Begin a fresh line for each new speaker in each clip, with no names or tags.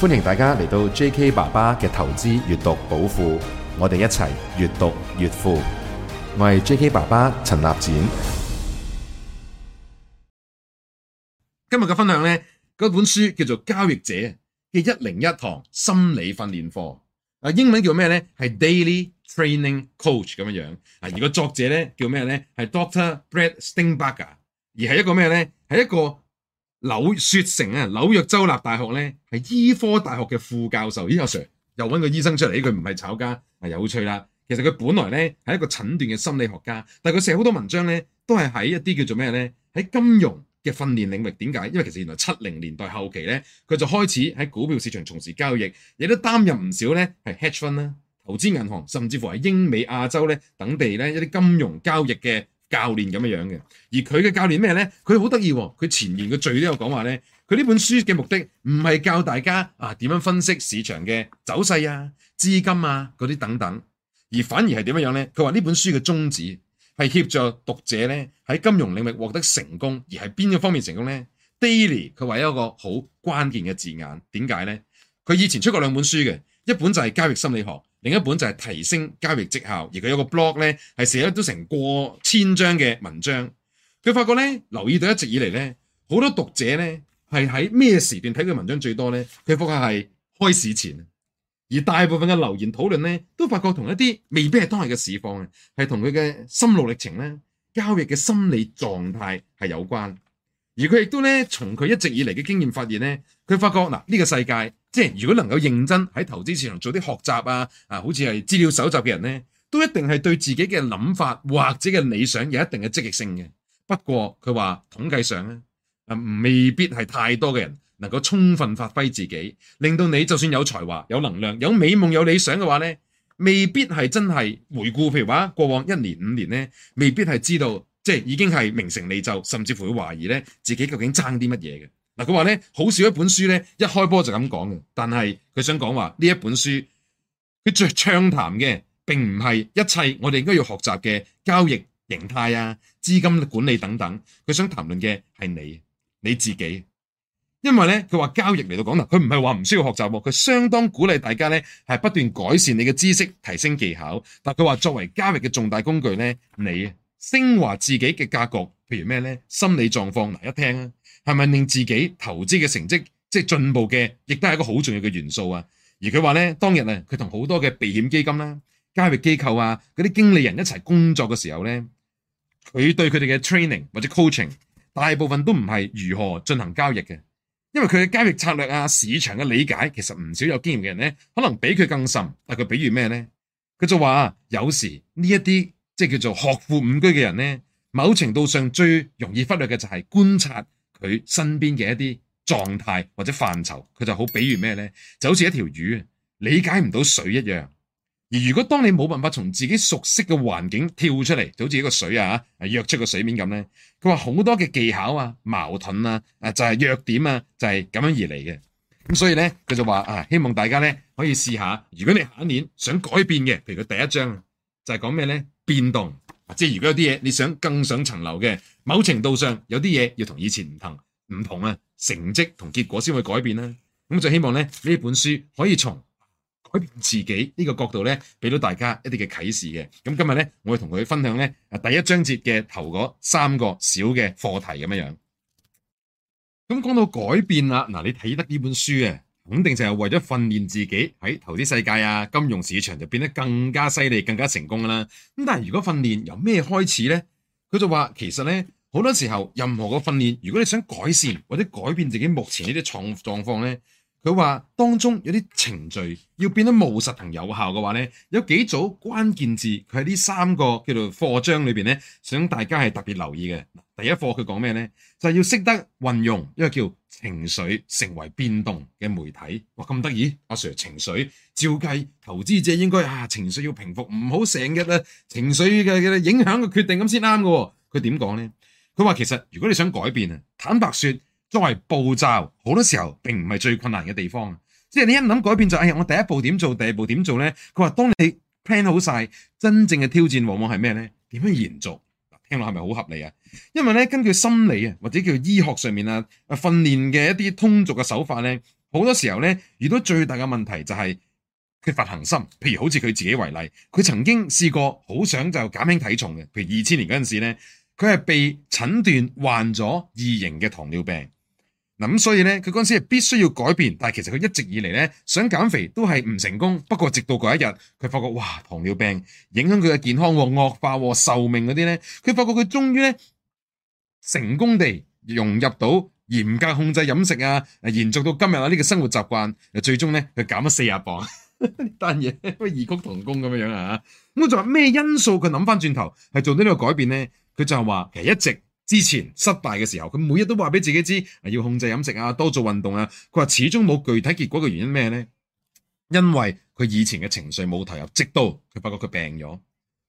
歡迎大家嚟到 J.K. 爸爸嘅投資閱讀寶庫，我哋一齊閱讀越富。我係 J.K. 爸爸陳立展。今日嘅分享呢，嗰本書叫做《交易者嘅一零一堂心理訓練課》，啊，英文叫咩呢？係 Daily Training Coach 咁樣樣啊。而個作者呢，叫咩呢？係 Doctor Brett Steenbarger，而係一個咩呢？係一個。柳雪城啊，紐約州立大學咧，係醫科大學嘅副教授。咦，阿、啊、Sir 又搵個醫生出嚟，呢句唔係炒家啊，有趣啦。其實佢本來咧係一個診斷嘅心理學家，但係佢寫好多文章咧都係喺一啲叫做咩咧？喺金融嘅訓練領域。點解？因為其實原來七零年代後期咧，佢就開始喺股票市場從事交易，亦都擔任唔少咧係 hedge fund 啦、投資銀行，甚至乎喺英美亞洲咧等地咧一啲金融交易嘅。教練咁樣樣嘅，而佢嘅教練咩呢？佢好得意，佢前言嘅序都有講話呢。佢呢本書嘅目的唔係教大家啊點樣分析市場嘅走勢啊、資金啊嗰啲等等，而反而係點樣樣呢？佢話呢本書嘅宗旨係協助讀者呢喺金融領域獲得成功，而係邊個方面成功呢？Daily，佢話有一個好關鍵嘅字眼，點解呢？佢以前出過兩本書嘅，一本就係交易心理學。另一本就係提升交易績效，而佢有個 blog 咧，係寫咗都成過千張嘅文章。佢發覺咧，留意到一直以嚟咧，好多讀者咧係喺咩時段睇佢文章最多咧？佢發覺係開市前，而大部分嘅留言討論咧，都發覺同一啲未必係當日嘅市況嘅，係同佢嘅心路歷程咧、交易嘅心理狀態係有關。而佢亦都咧，從佢一直以嚟嘅經驗發現咧，佢發覺嗱呢個世界，即係如果能夠認真喺投資市場做啲學習啊，啊，好似係資料搜集嘅人咧，都一定係對自己嘅諗法或者嘅理想有一定嘅積極性嘅。不過佢話統計上咧，啊，未必係太多嘅人能夠充分發揮自己，令到你就算有才華、有能量、有美夢、有理想嘅話咧，未必係真係回顧，譬如話、啊、過往一年、五年咧，未必係知道。即係已經係名成利就，甚至乎會懷疑咧自己究竟爭啲乜嘢嘅。嗱，佢話咧，好少一本書咧，一開波就咁講嘅，但係佢想講話呢一本書佢最暢談嘅，並唔係一切我哋應該要學習嘅交易形態啊、資金管理等等。佢想談論嘅係你，你自己，因為咧佢話交易嚟到講啦，佢唔係話唔需要學習，佢相當鼓勵大家咧係不斷改善你嘅知識、提升技巧。但佢話作為交易嘅重大工具咧，你。升華自己嘅格局，譬如咩咧？心理狀況，嗱，一聽啊，係咪令自己投資嘅成績即係進步嘅，亦都係一個好重要嘅元素啊！而佢話咧，當日啊，佢同好多嘅避險基金啦、交易機構啊、嗰啲經理人一齊工作嘅時候咧，佢對佢哋嘅 training 或者 coaching，大部分都唔係如何進行交易嘅，因為佢嘅交易策略啊、市場嘅理解，其實唔少有經驗嘅人咧，可能比佢更深。但佢比喻咩咧？佢就話有時呢一啲。即係叫做學富五車嘅人咧，某程度上最容易忽略嘅就係觀察佢身邊嘅一啲狀態或者範疇，佢就好比喻咩咧？就好似一條魚理解唔到水一樣。而如果當你冇辦法從自己熟悉嘅環境跳出嚟，就好似一個水啊嚇躍出個水面咁咧，佢話好多嘅技巧啊、矛盾啊、啊就係弱點啊，就係咁樣而嚟嘅。咁所以咧，佢就話啊，希望大家咧可以試下。如果你下一年想改變嘅，譬如佢第一章就係講咩咧？變動，即係如果有啲嘢你想更上層樓嘅，某程度上有啲嘢要同以前唔同唔同啊，成績同結果先會改變咧、啊。咁就希望咧呢一本書可以從改變自己呢個角度咧，俾到大家一啲嘅啟示嘅。咁今日咧，我會同佢分享咧第一章節嘅頭嗰三個小嘅課題咁樣樣。咁講到改變啦，嗱你睇得呢本書嘅、啊。肯定就係為咗訓練自己喺、哎、投資世界啊、金融市場就變得更加犀利、更加成功啦。咁但係如果訓練由咩開始呢？佢就話其實呢，好多時候任何個訓練，如果你想改善或者改變自己目前呢啲狀狀況呢，佢話當中有啲程序要變得務實同有效嘅話呢，有幾組關鍵字，佢喺呢三個叫做課章裏邊呢，想大家係特別留意嘅。第一課佢講咩咧？就係、是、要識得運用一個叫情緒成為變動嘅媒體。哇，咁得意！阿、啊、Sir 情緒照計，投資者應該啊，情緒要平復，唔好成日啊情緒嘅嘅影響嘅決定咁先啱嘅。佢點講咧？佢話其實如果你想改變啊，坦白說，作為步驟好多時候並唔係最困難嘅地方啊。即係你一諗改變就誒、哎，我第一步點做，第二步點做咧？佢話當你 plan 好晒，真正嘅挑戰往往係咩咧？點樣延續？聽落係咪好合理啊？因為咧，根據心理啊，或者叫醫學上面啊，訓練嘅一啲通俗嘅手法咧，好多時候咧，遇到最大嘅問題就係缺乏恒心。譬如好似佢自己為例，佢曾經試過好想就減輕體重嘅，譬如二千年嗰陣時咧，佢係被診斷患咗二型嘅糖尿病。嗱，咁所以咧，佢嗰陣時係必須要改變，但係其實佢一直以嚟咧想減肥都係唔成功。不過直到嗰一日，佢發覺哇，糖尿病影響佢嘅健康和惡化和壽命嗰啲咧，佢發覺佢終於咧。成功地融入到嚴格控制飲食啊，延續到今日啊呢，這個生活習慣，最終咧佢減咗四十磅，但嘢都異曲同工咁樣樣啊。咁 就係咩因素？佢諗翻轉頭係做咗呢個改變咧，佢就係話其實一直之前失敗嘅時候，佢每日都話俾自己知要控制飲食啊，多做運動啊。佢話始終冇具體結果嘅原因咩咧？因為佢以前嘅情緒冇投入，直到佢發覺佢病咗，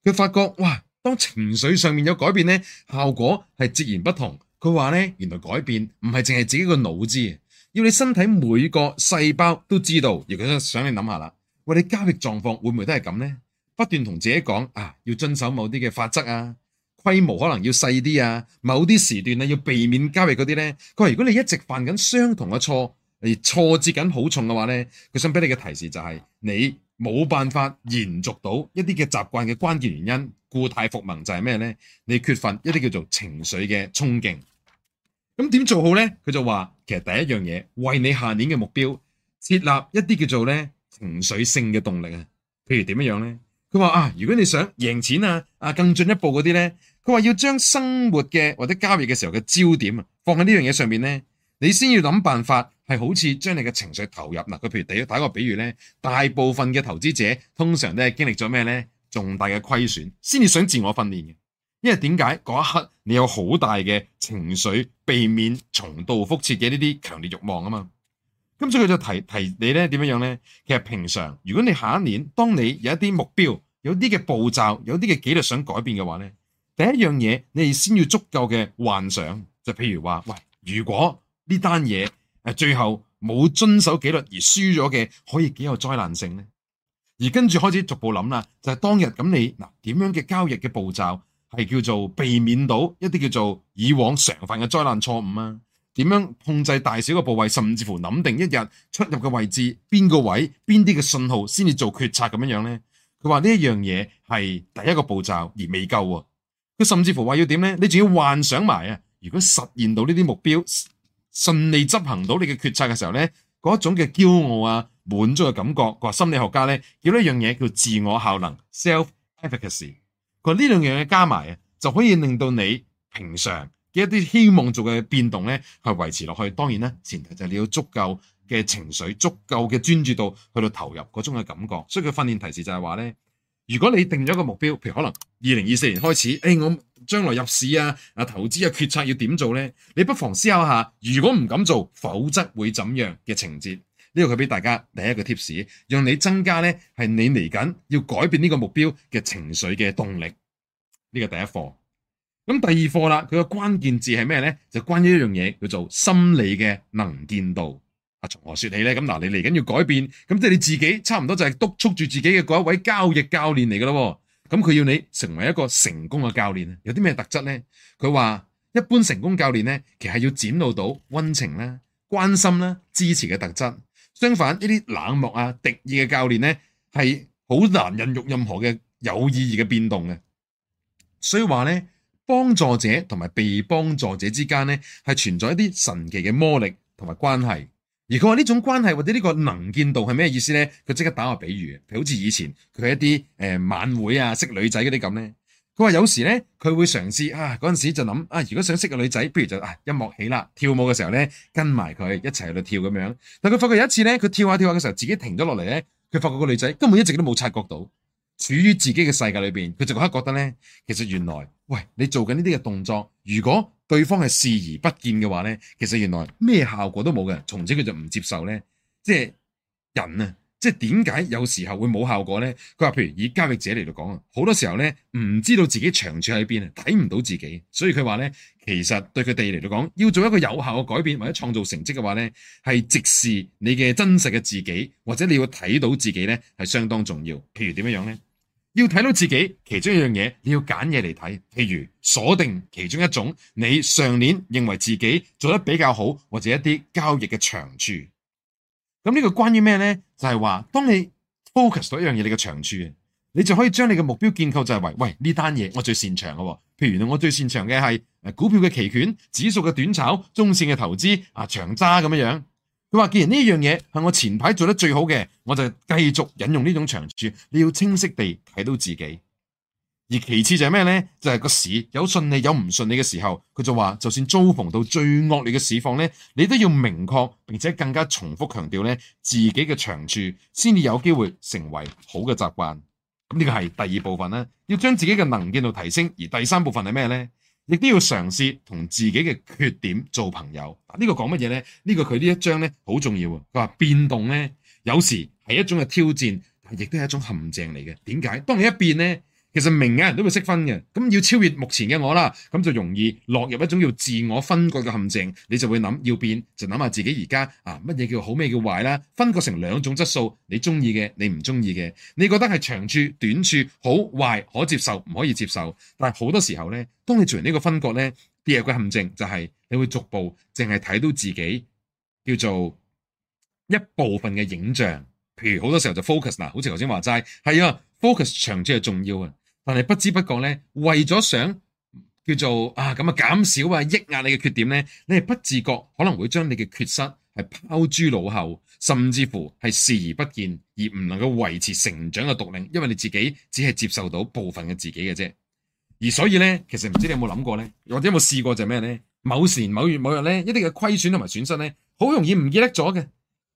佢發覺哇。當情緒上面有改變呢，效果係截然不同。佢話呢，原來改變唔係淨係自己個腦子，要你身體每個細胞都知道。而佢想你諗下啦，喂，你交易狀況會唔會都係咁呢？不斷同自己講啊，要遵守某啲嘅法則啊，規模可能要細啲啊，某啲時段咧要避免交易嗰啲呢。佢話如果你一直犯緊相同嘅錯，而錯接緊好重嘅話呢，佢想俾你嘅提示就係、是、你。冇辦法延續到一啲嘅習慣嘅關鍵原因，故態復萌就係咩呢？你缺乏一啲叫做情緒嘅衝勁。咁點做好呢？佢就話其實第一樣嘢，為你下年嘅目標設立一啲叫做咧情緒性嘅動力啊。譬如點樣樣咧？佢話啊，如果你想贏錢啊，啊更進一步嗰啲呢，佢話要將生活嘅或者交易嘅時候嘅焦點啊，放喺呢樣嘢上面呢。」你先要諗辦法。係好似將你嘅情緒投入嗱，佢譬如第一打個，個比喻咧，大部分嘅投資者通常都係經歷咗咩咧重大嘅虧損，先至想自我訓練嘅。因為點解嗰一刻你有好大嘅情緒避免重蹈覆轍嘅呢啲強烈慾望啊嘛。咁所以佢就提提你咧點樣樣咧，其實平常如果你下一年當你有一啲目標、有啲嘅步驟、有啲嘅紀律想改變嘅話咧，第一樣嘢你先要足夠嘅幻想，就譬如話，喂，如果呢單嘢。誒，最後冇遵守紀律而輸咗嘅，可以幾有災難性咧？而跟住開始逐步諗啦，就係當日咁你嗱，點樣嘅交易嘅步驟係叫做避免到一啲叫做以往常犯嘅災難錯誤啊？點樣控制大小嘅部位，甚至乎諗定一日出入嘅位置，邊個位，邊啲嘅信號先至做決策咁樣樣咧？佢話呢一樣嘢係第一個步驟而未夠啊！佢甚至乎話要點呢？你仲要幻想埋啊！如果實現到呢啲目標。順利執行到你嘅決策嘅時候呢，嗰種嘅驕傲啊、滿足嘅感覺，佢話心理學家呢，叫呢樣嘢叫自我效能 （self-efficacy）。佢話呢兩樣嘢加埋啊，就可以令到你平常嘅一啲希望做嘅變動呢，去維持落去。當然啦，前提就係你要足夠嘅情緒、足夠嘅專注度去到投入嗰種嘅感覺。所以佢訓練提示就係話呢，如果你定咗個目標，譬如可能二零二四年開始，誒、欸、我。將來入市啊，啊投資嘅、啊、決策要點做咧？你不妨思考下，如果唔敢做，否則會怎樣嘅情節？呢個佢俾大家第一個 tips，讓你增加咧係你嚟緊要改變呢個目標嘅情緒嘅動力。呢個第一課，咁第二課啦，佢嘅關鍵字係咩咧？就關於一樣嘢叫做心理嘅能見度。啊，從何說起咧？咁嗱，你嚟緊要改變，咁即係你自己差唔多就係督促住自己嘅嗰一位交易教練嚟噶咯。咁佢要你成為一個成功嘅教練，有啲咩特質咧？佢話一般成功教練咧，其實係要展露到溫情啦、關心啦、支持嘅特質。相反呢啲冷漠啊、敵意嘅教練咧，係好難孕育任何嘅有意義嘅變動嘅。所以話咧，幫助者同埋被幫助者之間咧，係存在一啲神奇嘅魔力同埋關係。而佢話呢種關係或者呢個能見度係咩意思咧？佢即刻打個比喻，譬如好似以前佢係一啲誒、呃、晚會啊識女仔嗰啲咁咧。佢話有時咧，佢會嘗試啊，嗰陣時就諗啊，如果想識個女仔，不如就啊音樂起啦，跳舞嘅時候咧跟埋佢一齊喺度跳咁樣。但佢發覺有一次咧，佢跳下跳下嘅時候自己停咗落嚟咧，佢發覺個女仔根本一直都冇察覺到，處於自己嘅世界裏邊，佢就嗰刻覺得咧，其實原來喂你做緊呢啲嘅動作，如果對方係視而不見嘅話呢，其實原來咩效果都冇嘅。從此佢就唔接受呢，即係人啊，即係點解有時候會冇效果呢？佢話譬如以交易者嚟到講啊，好多時候呢唔知道自己長處喺邊啊，睇唔到自己。所以佢話呢，其實對佢哋嚟到講，要做一個有效嘅改變或者創造成績嘅話呢係直視你嘅真實嘅自己，或者你要睇到自己呢係相當重要。譬如點樣樣呢？要睇到自己，其中一樣嘢你要揀嘢嚟睇，譬如鎖定其中一種你上年認為自己做得比較好或者一啲交易嘅長處。咁呢個關於咩咧？就係話當你 focus 咗一樣嘢，你嘅長處，你就可以將你嘅目標建構就係為喂呢單嘢我最擅長嘅，譬如我最擅長嘅係股票嘅期權、指數嘅短炒、中線嘅投資啊、長揸咁樣樣。佢話，既然呢樣嘢係我前排做得最好嘅，我就繼續引用呢種長處。你要清晰地睇到自己。而其次就係咩咧？就係、是、個市有信你有唔信你嘅時候，佢就話就算遭逢到最惡劣嘅市況咧，你都要明確並且更加重複強調咧自己嘅長處，先至有機會成為好嘅習慣。咁呢個係第二部分咧，要將自己嘅能見度提升。而第三部分係咩咧？亦都要嘗試同自己嘅缺點做朋友。呢個講乜嘢呢？呢個佢呢一章咧好重要。佢話變動呢，有時係一種嘅挑戰，但係亦都係一種陷阱嚟嘅。點解？當你一變呢？其實明眼人都會識分嘅，咁要超越目前嘅我啦，咁就容易落入一種叫自我分割嘅陷阱。你就會諗要變，就諗下自己而家啊乜嘢叫好，咩叫壞啦？分割成兩種質素，你中意嘅，你唔中意嘅，你覺得係長處、短處、好、壞、可接受、唔可以接受。但係好多時候呢，當你做完呢個分割呢，跌入嘅陷阱就係你會逐步淨係睇到自己叫做一部分嘅影像。譬如好多時候就 focus 嗱，好似頭先話齋係啊，focus 長處係重要啊。但係不知不覺咧，為咗想叫做啊咁啊減少啊抑壓你嘅缺點咧，你係不自覺可能會將你嘅缺失係拋諸腦後，甚至乎係視而不見，而唔能夠維持成長嘅動力，因為你自己只係接受到部分嘅自己嘅啫。而所以咧，其實唔知你有冇諗過咧，或者有冇試過就係咩咧？某時某月某日咧，一啲嘅虧損同埋損失咧，好容易唔記得咗嘅，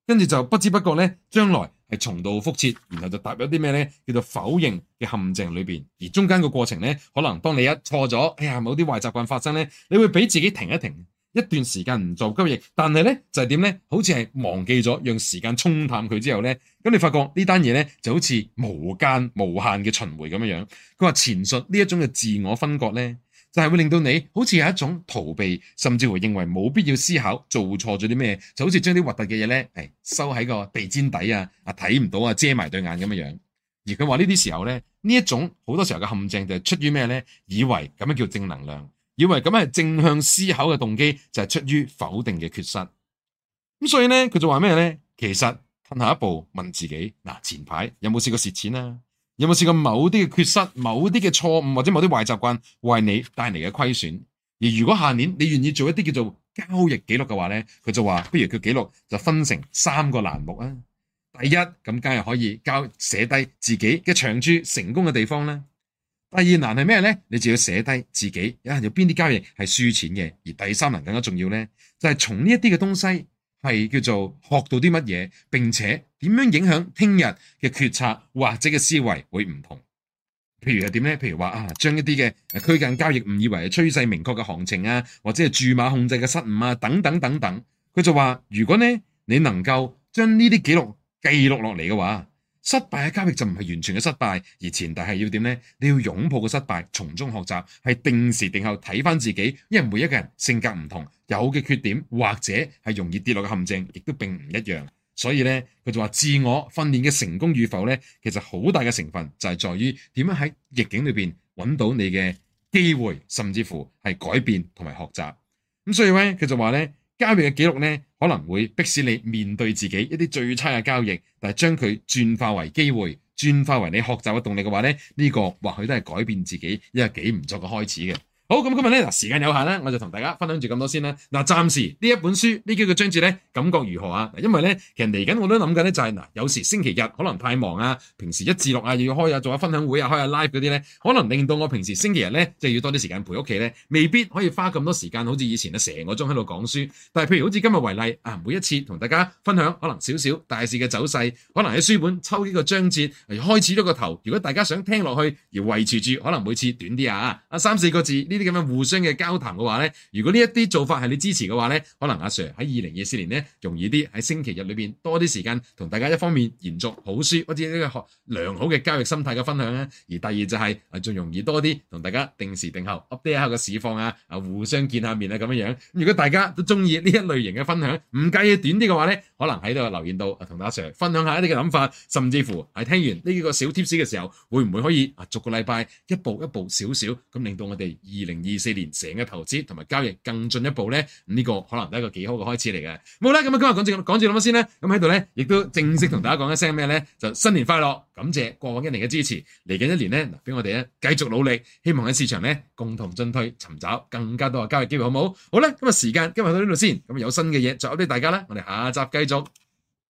跟住就不知不覺咧，將來。重蹈覆轍，然後就踏入一啲咩呢？叫做否認嘅陷阱裏邊，而中間個過程呢，可能當你一錯咗，哎呀，某啲壞習慣發生呢，你會俾自己停一停，一段時間唔做交易。但係呢，就係點呢？好似係忘記咗，讓時間沖淡佢之後呢。咁你發覺呢單嘢呢，就好似無間無限嘅循環咁樣樣。佢話前述呢一種嘅自我分割呢。就係會令到你好似有一種逃避，甚至乎認為冇必要思考做錯咗啲咩，就好似將啲核突嘅嘢咧，誒，收喺個地氈底啊，啊，睇唔到啊，遮埋對眼咁樣樣。而佢話呢啲時候咧，呢一種好多時候嘅陷阱就係出於咩咧？以為咁樣叫正能量，以為咁樣係正向思考嘅動機就係出於否定嘅缺失。咁所以咧，佢就話咩咧？其實吞下一步問自己，嗱，前排有冇試過蝕錢啊？有冇試過某啲嘅缺失，某啲嘅錯誤或者某啲壞習慣為你帶嚟嘅虧損？而如果下年你願意做一啲叫做交易記錄嘅話咧，佢就話，不如佢記錄就分成三個欄目啊。第一，咁梗係可以交寫低自己嘅長處、成功嘅地方啦。第二欄係咩咧？你就要寫低自己有人有邊啲交易係輸錢嘅。而第三欄更加重要咧，就係從呢一啲嘅東西。係叫做學到啲乜嘢，並且點樣影響聽日嘅決策或者嘅思維會唔同？譬如係點咧？譬如話啊，將一啲嘅區間交易誤以為係趨勢明確嘅行情啊，或者係注碼控制嘅失誤啊，等等等等。佢就話，如果咧你能夠將呢啲記錄記錄落嚟嘅話，失敗嘅交易就唔係完全嘅失敗，而前提係要點呢？你要擁抱個失敗，從中學習，係定時定候睇返自己，因為每一個人性格唔同，有嘅缺點或者係容易跌落嘅陷阱，亦都並唔一樣。所以呢，佢就話自我訓練嘅成功與否呢，其實好大嘅成分就係在於點樣喺逆境裏邊揾到你嘅機會，甚至乎係改變同埋學習。咁所以呢，佢就話呢。交易嘅記錄呢，可能會迫使你面對自己一啲最差嘅交易，但係將佢轉化為機會，轉化為你學習嘅動力嘅話咧，呢、這個或許都係改變自己一個幾唔錯嘅開始。好咁，今日咧嗱，時間有限咧，我就同大家分享住咁多先啦。嗱、啊，暫時呢一本書一呢幾個章節咧，感覺如何啊？因為咧，其實嚟緊我都諗緊咧，就係嗱，有時星期日可能太忙啊，平時一至六啊要開啊做下分享會啊，開下 live 嗰啲咧，可能令到我平時星期日咧，即係要多啲時間陪屋企咧，未必可以花咁多時間，好似以前啊成個鐘喺度講書。但係譬如好似今日為例啊，每一次同大家分享可小小，可能少少大市嘅走勢，可能喺書本抽幾個章節，係開始咗個頭。如果大家想聽落去而維持住，可能每次短啲啊，啊三四個字呢啲。咁樣互相嘅交談嘅話咧，如果呢一啲做法係你支持嘅話咧，可能阿 Sir 喺二零二四年咧容易啲喺星期日裏邊多啲時間同大家一方面延續好書，或者呢個學良好嘅交易心態嘅分享咧，而第二就係啊，仲容易多啲同大家定時定候 update 下個市況啊，啊互相見下面啊咁樣樣。如果大家都中意呢一類型嘅分享，唔介意短啲嘅話咧，可能喺度留言度啊，同阿 Sir 分享下一啲嘅諗法，甚至乎係聽完呢個小 tips 嘅時候，會唔會可以啊，逐個禮拜一步一步少少咁令到我哋二零二四年成個投資同埋交易更進一步咧，呢、呢個可能都係一個幾好嘅開始嚟嘅。好啦，咁啊今日講住講住諗乜先啦。咁喺度咧，亦都正式同大家講一聲咩咧？就新年快樂，感謝過往一年嘅支持。嚟緊一年咧，嗱，俾我哋咧繼續努力，希望喺市場咧共同進退，尋找更加多嘅交易機會，好唔好？好啦，今日時間今日到呢度先，咁有新嘅嘢再 update 大家啦，我哋下集繼續。